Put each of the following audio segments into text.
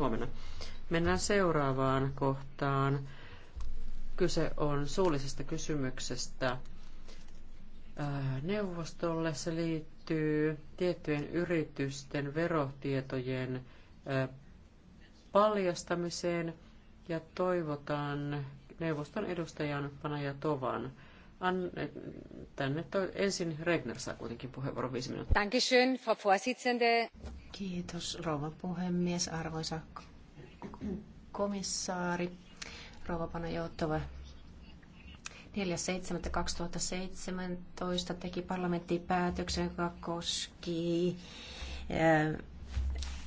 huomenna. Mennään seuraavaan kohtaan. Kyse on suullisesta kysymyksestä äh, neuvostolle. Se liittyy tiettyjen yritysten verotietojen äh, paljastamiseen ja toivotan neuvoston edustajan Panaja Tovan An, tänne ensin Regner Kiitos rouva puhemies, arvoisa komissaari, rouva Panajouttava. 4.7.2017 teki parlamentti päätöksen, joka koski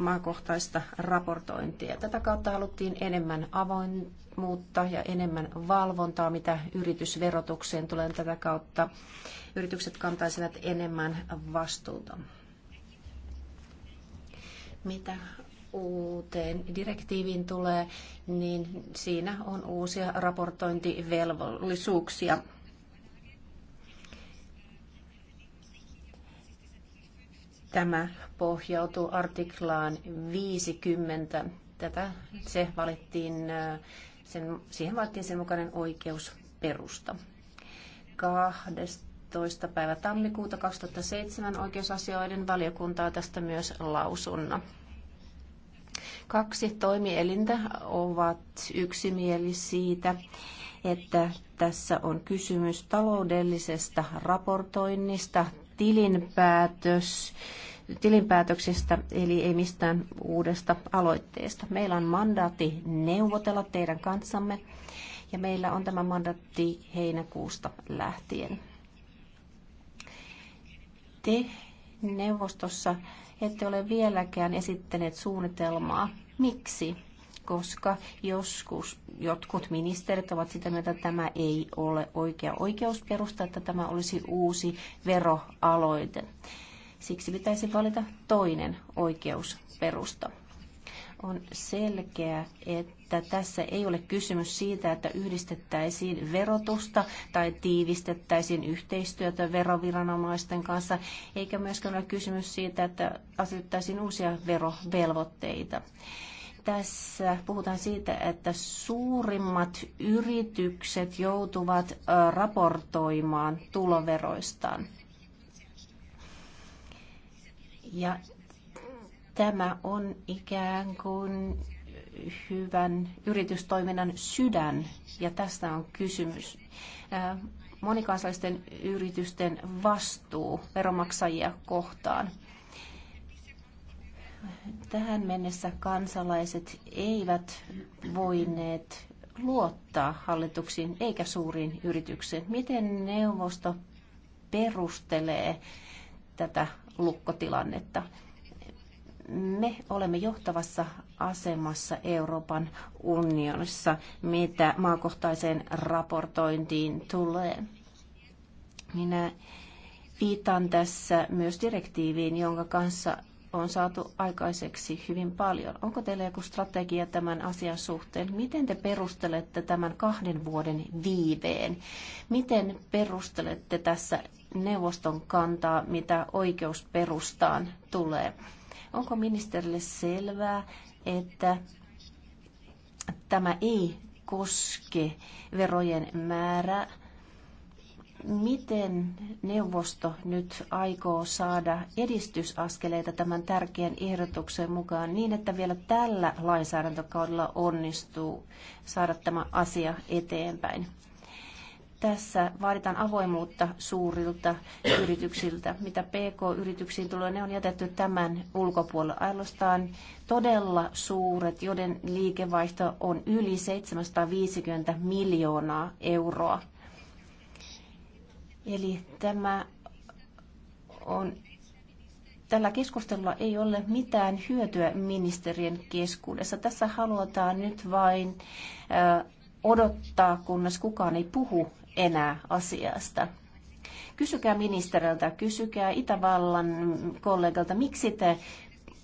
maakohtaista raportointia. Tätä kautta haluttiin enemmän avoimuutta ja enemmän valvontaa, mitä yritysverotukseen tulee. Tätä kautta yritykset kantaisivat enemmän vastuuta. Mitä uuteen direktiiviin tulee, niin siinä on uusia raportointivelvollisuuksia Tämä pohjautuu artiklaan 50. Tätä se valittiin, sen, siihen valittiin sen mukainen oikeusperusta. 12. päivä tammikuuta 2007 oikeusasioiden valiokuntaa tästä myös lausunna. Kaksi toimielintä ovat yksimielisiä siitä, että tässä on kysymys taloudellisesta raportoinnista tilinpäätös, tilinpäätöksestä, eli ei mistään uudesta aloitteesta. Meillä on mandaatti neuvotella teidän kanssamme, ja meillä on tämä mandaatti heinäkuusta lähtien. Te neuvostossa ette ole vieläkään esittäneet suunnitelmaa. Miksi? koska joskus jotkut ministerit ovat sitä mieltä, että tämä ei ole oikea oikeusperusta, että tämä olisi uusi veroaloite. Siksi pitäisi valita toinen oikeusperusta. On selkeää, että tässä ei ole kysymys siitä, että yhdistettäisiin verotusta tai tiivistettäisiin yhteistyötä veroviranomaisten kanssa, eikä myöskään ole kysymys siitä, että asetettaisiin uusia verovelvoitteita. Tässä puhutaan siitä, että suurimmat yritykset joutuvat raportoimaan tuloveroistaan. Ja tämä on ikään kuin hyvän yritystoiminnan sydän, ja tästä on kysymys. Monikansallisten yritysten vastuu veromaksajia kohtaan – Tähän mennessä kansalaiset eivät voineet luottaa hallituksiin eikä suuriin yrityksiin. Miten neuvosto perustelee tätä lukkotilannetta? Me olemme johtavassa asemassa Euroopan unionissa, mitä maakohtaiseen raportointiin tulee. Minä viitan tässä myös direktiiviin, jonka kanssa on saatu aikaiseksi hyvin paljon. Onko teillä joku strategia tämän asian suhteen? Miten te perustelette tämän kahden vuoden viiveen? Miten perustelette tässä neuvoston kantaa, mitä oikeusperustaan tulee? Onko ministerille selvää, että tämä ei koske verojen määrää, miten neuvosto nyt aikoo saada edistysaskeleita tämän tärkeän ehdotuksen mukaan niin, että vielä tällä lainsäädäntökaudella onnistuu saada tämä asia eteenpäin? Tässä vaaditaan avoimuutta suurilta yrityksiltä. Mitä PK-yrityksiin tulee, ne on jätetty tämän ulkopuolella. Ainoastaan todella suuret, joiden liikevaihto on yli 750 miljoonaa euroa. Eli tämä on, tällä keskustelulla ei ole mitään hyötyä ministerien keskuudessa. Tässä halutaan nyt vain odottaa, kunnes kukaan ei puhu enää asiasta. Kysykää ministeriltä, kysykää Itävallan kollegalta, miksi te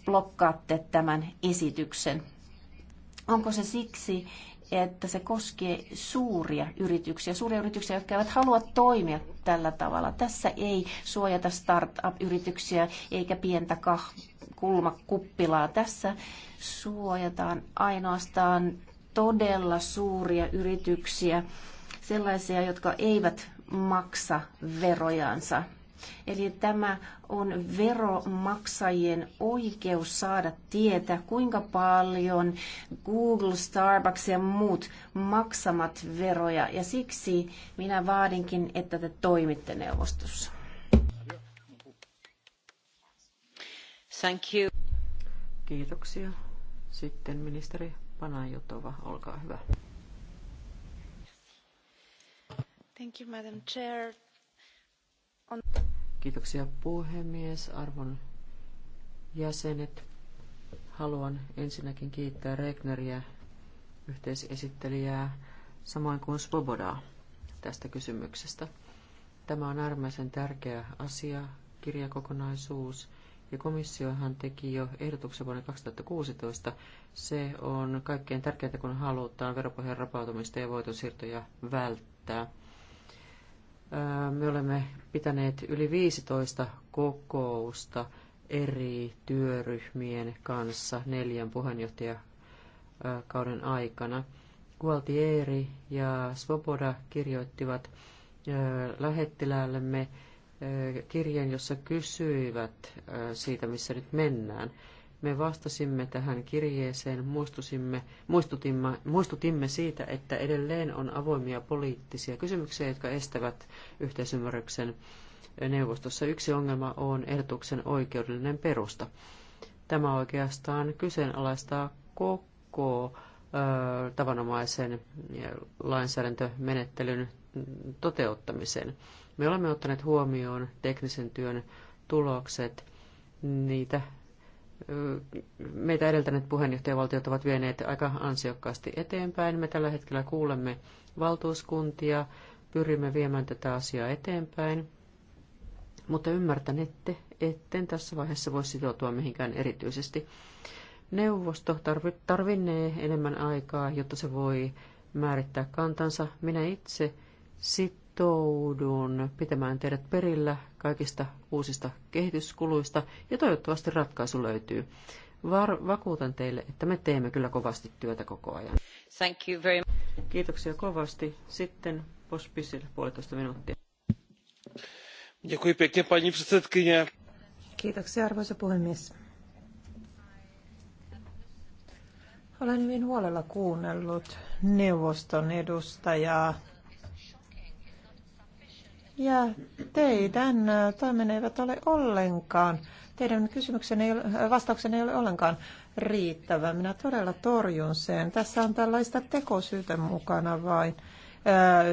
blokkaatte tämän esityksen. Onko se siksi, että se koskee suuria yrityksiä, suuria yrityksiä, jotka eivät halua toimia tällä tavalla. Tässä ei suojata startup-yrityksiä eikä pientä kulmakuppilaa. Tässä suojataan ainoastaan todella suuria yrityksiä, sellaisia, jotka eivät maksa verojansa. Eli tämä on veromaksajien oikeus saada tietää, kuinka paljon Google, Starbucks ja muut maksamat veroja. Ja siksi minä vaadinkin, että te toimitte neuvostossa. Thank you. Kiitoksia. Sitten ministeri Panajotova, olkaa hyvä. Thank you, Madam Chair on... Kiitoksia puhemies, arvon jäsenet. Haluan ensinnäkin kiittää Regneriä, yhteisesittelijää, samoin kuin Svobodaa tästä kysymyksestä. Tämä on äärimmäisen tärkeä asia, kirjakokonaisuus, ja komissiohan teki jo ehdotuksen vuonna 2016. Se on kaikkein tärkeintä, kun halutaan veropohjan rapautumista ja voitonsiirtoja välttää. Me olemme pitäneet yli 15 kokousta eri työryhmien kanssa neljän puheenjohtajakauden aikana. Gualtieri ja Svoboda kirjoittivat lähettiläällemme kirjeen, jossa kysyivät siitä, missä nyt mennään. Me vastasimme tähän kirjeeseen, muistutimme, muistutimme siitä, että edelleen on avoimia poliittisia kysymyksiä, jotka estävät yhteisymmärryksen neuvostossa. Yksi ongelma on ehdotuksen oikeudellinen perusta. Tämä oikeastaan kyseenalaistaa koko ö, tavanomaisen lainsäädäntömenettelyn toteuttamisen. Me olemme ottaneet huomioon teknisen työn tulokset, niitä meitä edeltäneet puheenjohtajavaltiot ovat vieneet aika ansiokkaasti eteenpäin. Me tällä hetkellä kuulemme valtuuskuntia, pyrimme viemään tätä asiaa eteenpäin, mutta ymmärtänette, etten tässä vaiheessa voi sitoutua mihinkään erityisesti. Neuvosto tarvinnee enemmän aikaa, jotta se voi määrittää kantansa. Minä itse sitten sitoudun pitämään teidät perillä kaikista uusista kehityskuluista ja toivottavasti ratkaisu löytyy. Var, vakuutan teille, että me teemme kyllä kovasti työtä koko ajan. Thank you very much. Kiitoksia kovasti. Sitten Pospisille puolitoista minuuttia. Děkuji pěkně, paní předsedkyně. Kiitoksia, arvoisa puhemies. Olen hyvin huolella kuunnellut neuvoston edustajaa ja teidän äh, toimenne eivät ole ollenkaan, teidän kysymyksenne ei ole, äh, vastauksenne ei ole ollenkaan riittävä. Minä todella torjun sen. Tässä on tällaista tekosyytä mukana vain. Äh,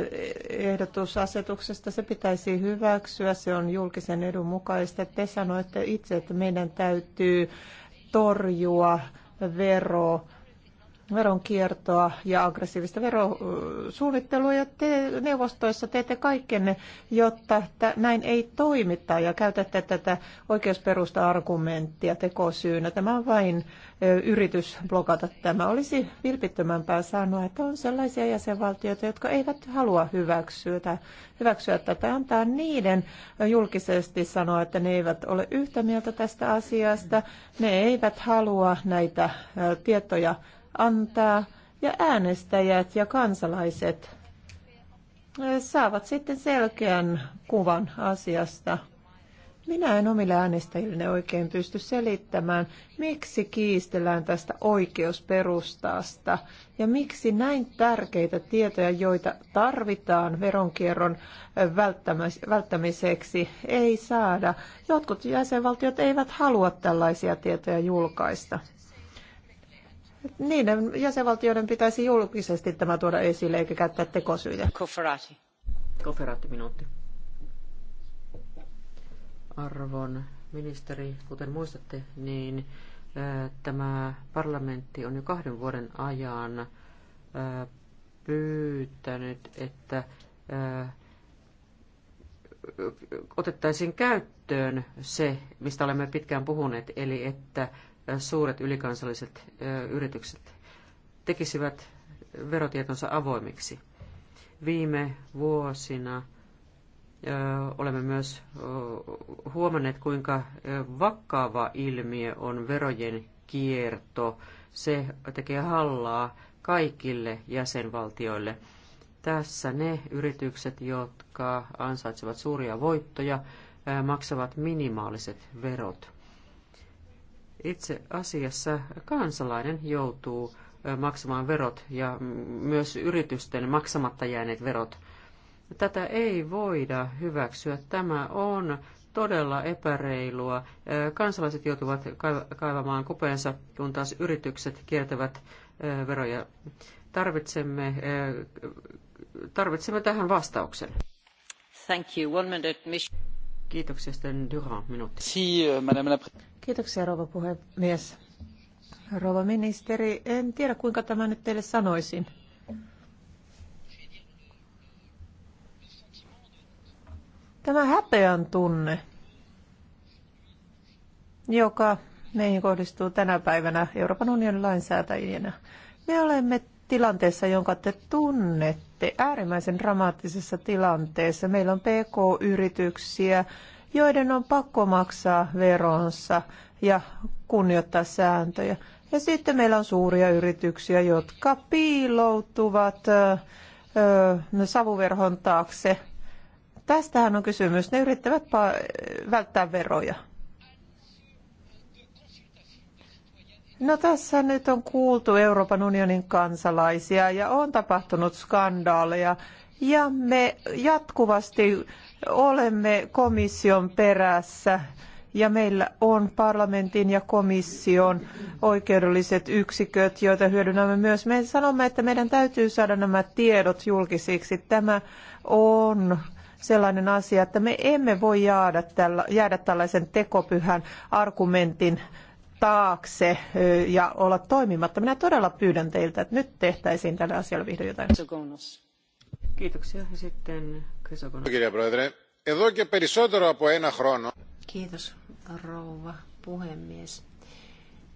ehdotusasetuksesta se pitäisi hyväksyä, se on julkisen edun mukaista. Te sanoitte itse, että meidän täytyy torjua vero veronkiertoa ja aggressiivista verosuunnittelua ja te neuvostoissa teette kaikkenne, jotta näin ei toimita ja käytätte tätä oikeusperusta argumenttia tekosyynä. Tämä on vain yritys blokata tämä. Olisi vilpittömämpää sanoa, että on sellaisia jäsenvaltioita, jotka eivät halua hyväksyä, hyväksyä tätä, antaa niiden julkisesti sanoa, että ne eivät ole yhtä mieltä tästä asiasta, ne eivät halua näitä tietoja antaa ja äänestäjät ja kansalaiset eh, saavat sitten selkeän kuvan asiasta. Minä en omille äänestäjille oikein pysty selittämään, miksi kiistellään tästä oikeusperustaasta ja miksi näin tärkeitä tietoja, joita tarvitaan veronkierron eh, välttämiseksi, ei saada. Jotkut jäsenvaltiot eivät halua tällaisia tietoja julkaista niiden jäsenvaltioiden pitäisi julkisesti tämä tuoda esille eikä käyttää tekosyitä. Koferaati. Koferaati minuutti. Arvon ministeri, kuten muistatte, niin tämä parlamentti on jo kahden vuoden ajan pyytänyt, että otettaisiin käyttöön se, mistä olemme pitkään puhuneet, eli että suuret ylikansalliset yritykset tekisivät verotietonsa avoimiksi. Viime vuosina olemme myös huomanneet, kuinka vakava ilmiö on verojen kierto. Se tekee hallaa kaikille jäsenvaltioille. Tässä ne yritykset, jotka ansaitsevat suuria voittoja, maksavat minimaaliset verot. Itse asiassa kansalainen joutuu maksamaan verot ja myös yritysten maksamatta jääneet verot. Tätä ei voida hyväksyä. Tämä on todella epäreilua. Kansalaiset joutuvat kaivamaan kupeensa, kun taas yritykset kiertävät veroja. Tarvitsemme, tarvitsemme tähän vastauksen. Thank you. One minute, Kiitoksia sitten Durand minuutti. Euh, Kiitoksia rouva puhemies. Rouva ministeri, en tiedä kuinka tämä nyt teille sanoisin. Tämä häpeän tunne, joka meihin kohdistuu tänä päivänä Euroopan unionin lainsäätäjinä. Me olemme tilanteessa, jonka te tunnette, äärimmäisen dramaattisessa tilanteessa. Meillä on PK-yrityksiä, joiden on pakko maksaa veronsa ja kunnioittaa sääntöjä. Ja sitten meillä on suuria yrityksiä, jotka piiloutuvat ö, ö, savuverhon taakse. Tästähän on kysymys. Ne yrittävät välttää veroja. No tässä nyt on kuultu Euroopan unionin kansalaisia ja on tapahtunut skandaaleja. Ja me jatkuvasti olemme komission perässä ja meillä on parlamentin ja komission oikeudelliset yksiköt, joita hyödynnämme myös. Me sanomme, että meidän täytyy saada nämä tiedot julkisiksi. Tämä on sellainen asia, että me emme voi jäädä, tällä, jäädä tällaisen tekopyhän argumentin taakse ja olla toimimatta. Minä todella pyydän teiltä, että nyt tehtäisiin tällä asialla vihdoin jotain. Kiitoksia. Ja sitten Krisokonos. Kiitos, rouva puhemies.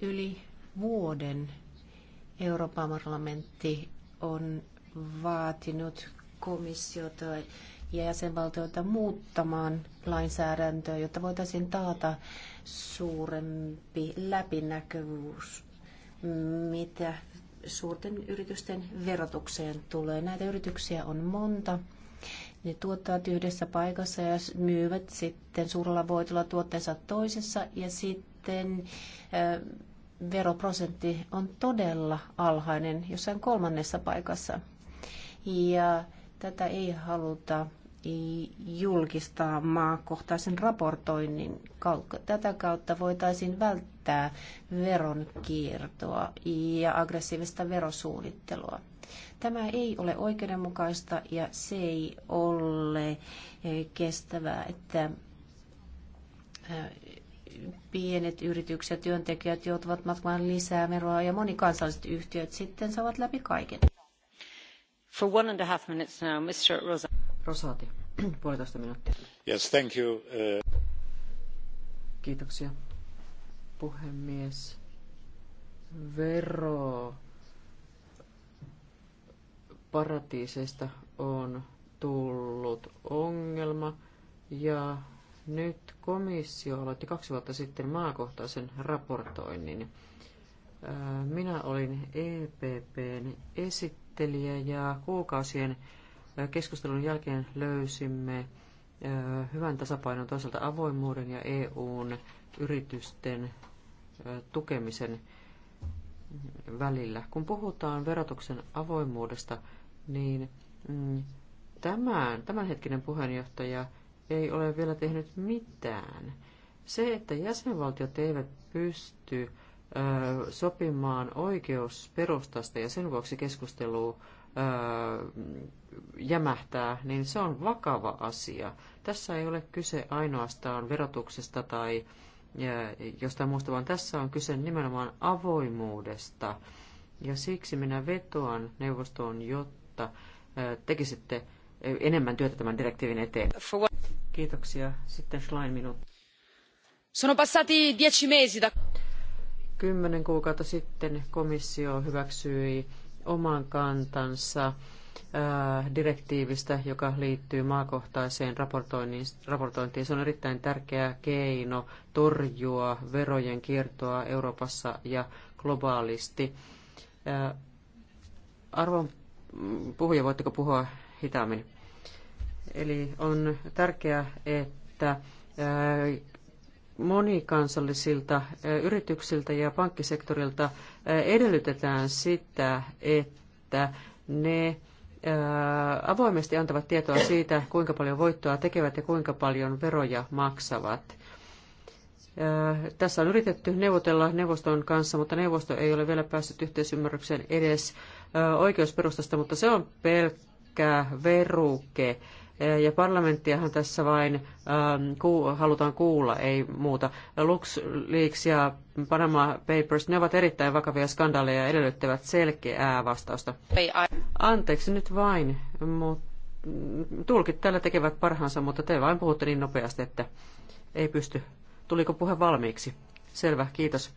Yli vuoden Euroopan parlamentti on vaatinut komissiota ja jäsenvaltioita muuttamaan lainsäädäntöä, jotta voitaisiin taata suurempi läpinäkyvyys, mitä suurten yritysten verotukseen tulee. Näitä yrityksiä on monta. Ne tuottavat yhdessä paikassa ja myyvät sitten suurella voitolla tuotteensa toisessa ja sitten veroprosentti on todella alhainen jossain kolmannessa paikassa. Ja Tätä ei haluta julkistaa maakohtaisen raportoinnin kautta. Tätä kautta voitaisiin välttää veronkiertoa ja aggressiivista verosuunnittelua. Tämä ei ole oikeudenmukaista ja se ei ole eh, kestävää, että eh, pienet yritykset ja työntekijät joutuvat matkaan lisää veroa ja monikansalliset yhtiöt sitten saavat läpi kaiken arvoisa uh, puhemies. veroparatiiseista on tullut ongelma ja nyt komissio aloitti kaksi vuotta sitten maakohtaisen raportoinnin. Äh, minä olin EPPn esittäjä esittelijä ja kuukausien keskustelun jälkeen löysimme hyvän tasapainon toisaalta avoimuuden ja EUn yritysten tukemisen välillä. Kun puhutaan verotuksen avoimuudesta, niin mm, tämän, tämänhetkinen puheenjohtaja ei ole vielä tehnyt mitään. Se, että jäsenvaltiot eivät pysty sopimaan oikeusperustasta ja sen vuoksi keskustelu jämähtää, niin se on vakava asia. Tässä ei ole kyse ainoastaan verotuksesta tai jostain muusta, vaan tässä on kyse nimenomaan avoimuudesta. Ja siksi minä vetoan neuvostoon, jotta tekisitte enemmän työtä tämän direktiivin eteen. Kiitoksia. Sitten Schlein minut. Sono passati dieci mesi da... Kymmenen kuukautta sitten komissio hyväksyi oman kantansa äh, direktiivistä, joka liittyy maakohtaiseen raportointiin. Se on erittäin tärkeä keino torjua verojen kiertoa Euroopassa ja globaalisti. Äh, arvon puhuja, voitteko puhua hitaammin? Eli on tärkeää, että äh, monikansallisilta yrityksiltä ja pankkisektorilta edellytetään sitä, että ne avoimesti antavat tietoa siitä, kuinka paljon voittoa tekevät ja kuinka paljon veroja maksavat. Tässä on yritetty neuvotella neuvoston kanssa, mutta neuvosto ei ole vielä päässyt yhteisymmärrykseen edes oikeusperustasta, mutta se on pelkkä veruke. Eh, ja parlamenttiahan tässä vain ähm, ku, halutaan kuulla, ei muuta. LuxLeaks ja Panama Papers, ne ovat erittäin vakavia skandaaleja ja edellyttävät selkeää vastausta. Anteeksi nyt vain, mutta tulkit täällä tekevät parhaansa, mutta te vain puhutte niin nopeasti, että ei pysty. Tuliko puhe valmiiksi? Selvä, kiitos.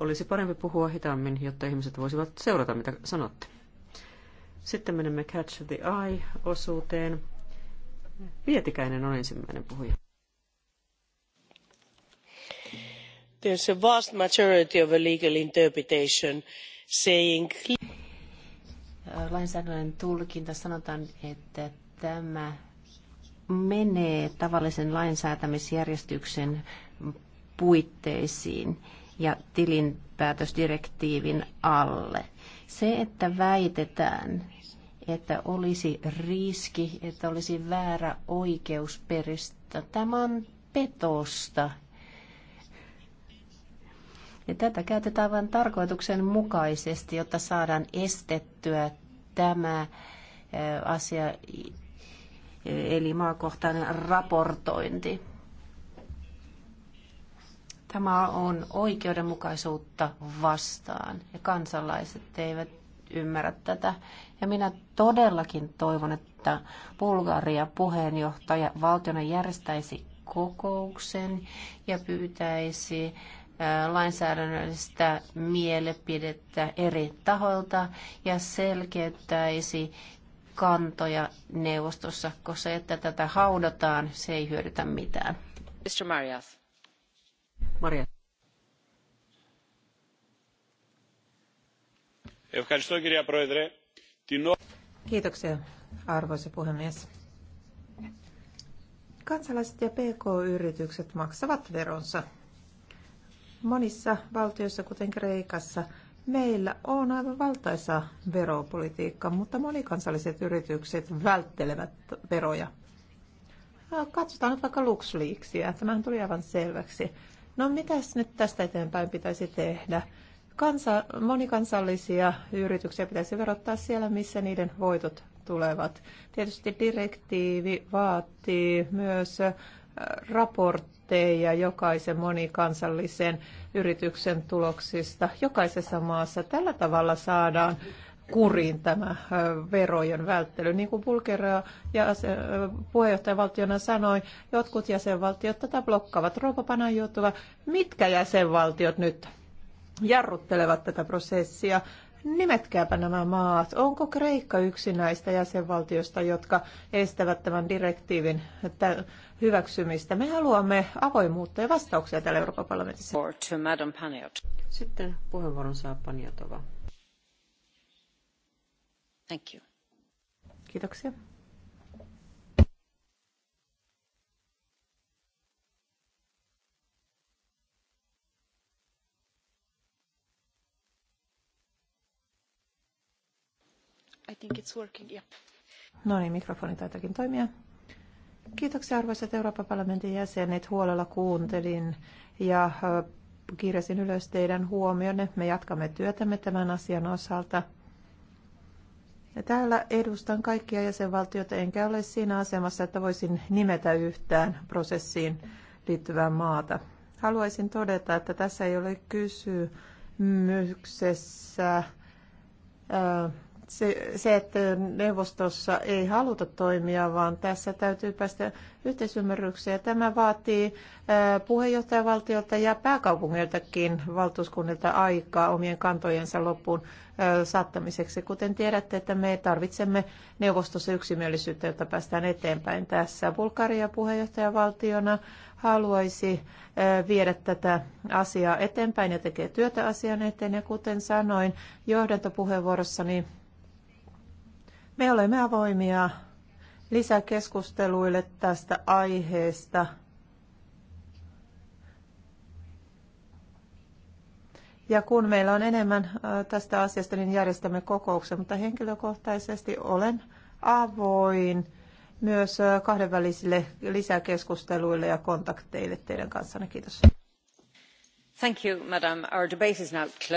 Olisi parempi puhua hitaammin, jotta ihmiset voisivat seurata, mitä sanotte. Sitten menemme Catch the Eye-osuuteen. Pietikäinen on ensimmäinen puhuja. There's a vast majority of a legal interpretation saying... Lainsäädännön tulkinta sanotaan, että tämä menee tavallisen lainsäätämisjärjestyksen puitteisiin ja tilinpäätösdirektiivin alle. Se, että väitetään, että olisi riski, että olisi väärä oikeusperistä. Tämä on petosta. Ja tätä käytetään vain tarkoituksen mukaisesti, jotta saadaan estettyä tämä asia, eli maakohtainen raportointi. Tämä on oikeudenmukaisuutta vastaan ja kansalaiset eivät ymmärrä tätä. Ja minä todellakin toivon, että Bulgaria puheenjohtaja valtiona järjestäisi kokouksen ja pyytäisi lainsäädännöllistä mielipidettä eri tahoilta ja selkeyttäisi kantoja neuvostossa, koska se, että tätä haudataan, se ei hyödytä mitään. Mr. Marias. Marias. Kiitoksia, arvoisa puhemies. Kansalaiset ja PK-yritykset maksavat veronsa. Monissa valtioissa, kuten Kreikassa, meillä on aivan valtaisa veropolitiikka, mutta monikansalliset yritykset välttelevät veroja. Katsotaan nyt vaikka LuxLeaksia. Tämähän tuli aivan selväksi. No mitäs nyt tästä eteenpäin pitäisi tehdä? kansa, monikansallisia yrityksiä pitäisi verottaa siellä, missä niiden voitot tulevat. Tietysti direktiivi vaatii myös äh, raportteja jokaisen monikansallisen yrityksen tuloksista jokaisessa maassa. Tällä tavalla saadaan kuriin tämä äh, verojen välttely. Niin kuin Bulgaria ja puheenjohtajavaltiona sanoi, jotkut jäsenvaltiot tätä blokkavat. Rouva Panan mitkä jäsenvaltiot nyt jarruttelevat tätä prosessia. Nimetkääpä nämä maat. Onko Kreikka yksi näistä jäsenvaltioista, jotka estävät tämän direktiivin hyväksymistä? Me haluamme avoimuutta ja vastauksia täällä Euroopan parlamentissa. Sitten puheenvuoron saa Paniotova. Thank you. Kiitoksia. I think it's working, yep. No niin, mikrofoni taitakin toimia. Kiitoksia arvoisat Euroopan parlamentin jäsenet. Huolella kuuntelin ja kirjasin ylös teidän huomionne. Me jatkamme työtämme tämän asian osalta. Ja täällä edustan kaikkia jäsenvaltioita, enkä ole siinä asemassa, että voisin nimetä yhtään prosessiin liittyvää maata. Haluaisin todeta, että tässä ei ole kysymyksessä se, se, että neuvostossa ei haluta toimia, vaan tässä täytyy päästä yhteisymmärrykseen. Tämä vaatii puheenjohtajavaltiolta ja pääkaupungiltakin valtuuskunnilta aikaa omien kantojensa loppuun saattamiseksi. Kuten tiedätte, että me tarvitsemme neuvostossa yksimielisyyttä, jotta päästään eteenpäin tässä. Bulgaria puheenjohtajavaltiona haluaisi viedä tätä asiaa eteenpäin ja tekee työtä asian eteen. Ja kuten sanoin johdantopuheenvuorossani, me olemme avoimia lisäkeskusteluille tästä aiheesta. Ja kun meillä on enemmän tästä asiasta, niin järjestämme kokouksen, mutta henkilökohtaisesti olen avoin myös kahdenvälisille lisäkeskusteluille ja kontakteille teidän kanssanne. Kiitos. Thank you, madam. Our debate is now closed.